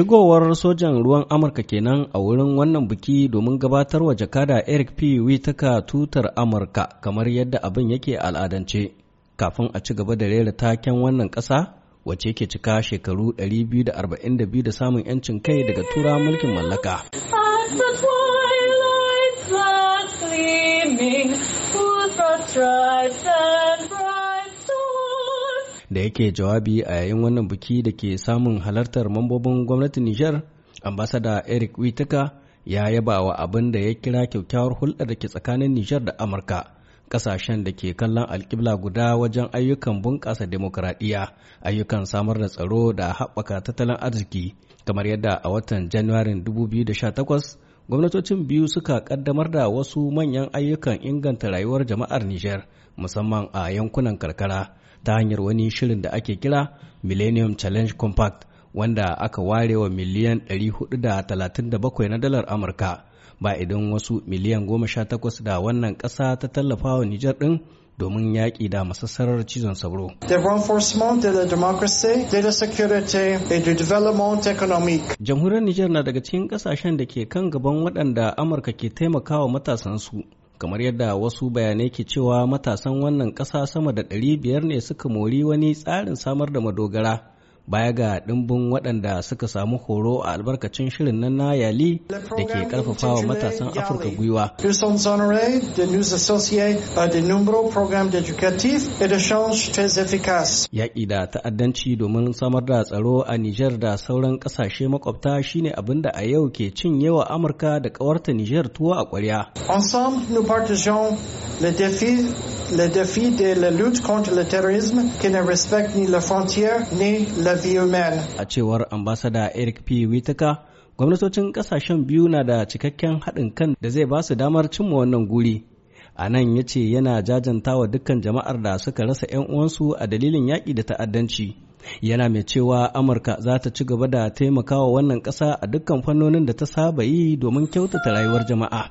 Shigowar sojan ruwan Amurka kenan a wurin wannan biki domin gabatar wa jakada Eric P. Witaka tutar Amurka kamar yadda abin yake al'adance. Kafin a ci gaba da rera taken wannan ƙasa wacce ke cika shekaru 242 da samun 'yancin kai daga tura mulkin mallaka. da yake jawabi a yayin wannan biki da ke samun halartar mambobin gwamnatin Nijar, ambasada Eric Witeka ya yaba wa abin da ya kira kyakkyawar hulɗa da ke tsakanin Nijar da Amurka. Ƙasashen da ke kallon alƙibla guda wajen ayyukan bunƙasa demokradiyya, ayyukan samar da tsaro da haɓaka tattalin arziki, kamar yadda a watan Janairun 2018 gwamnatocin biyu suka kaddamar da wasu manyan ayyukan inganta rayuwar jama'ar Nijar musamman a yankunan karkara ta hanyar wani shirin da ake kira Millennium Challenge Compact wanda aka ware wa miliyan 437 na dalar Amurka ba idan wasu miliyan 18 da wannan ƙasa ta tallafa wa Nijar ɗin domin yaƙi da masassarar cizon sauro. democracy, de Jamhuriyar Nijar na daga cikin ƙasashen da ke kan gaban waɗanda Amurka ke taimakawa matasansu. kamar yadda wasu bayanai ke cewa matasan wannan ƙasa sama da 500 ne suka mori wani tsarin samar da madogara baya ga ɗimbin waɗanda suka samu horo a albarkacin shirin nan na yali da ke wa matasan afirka gwiwa yaƙi da ta'addanci domin samar da tsaro a nijar da sauran ƙasashe makwabta shine abin da a yau ke cin yawa amurka da ƙawarta nijar tuwo a ƙwarya le défi de la lutte contre le terrorisme qui ne respecte ni la frontière ni la vie humaine. A cewar ambasada Eric P. Whitaker, gwamnatocin kasashen biyu na da cikakken haɗin kan da zai ba su damar cimma wannan guri. A nan ya ce yana jajantawa dukkan jama'ar da suka rasa 'yan uwansu a dalilin yaƙi da ta'addanci. Yana mai cewa Amurka za ta ci gaba da taimakawa wannan ƙasa a dukkan fannonin da ta saba yi domin kyautata rayuwar jama'a.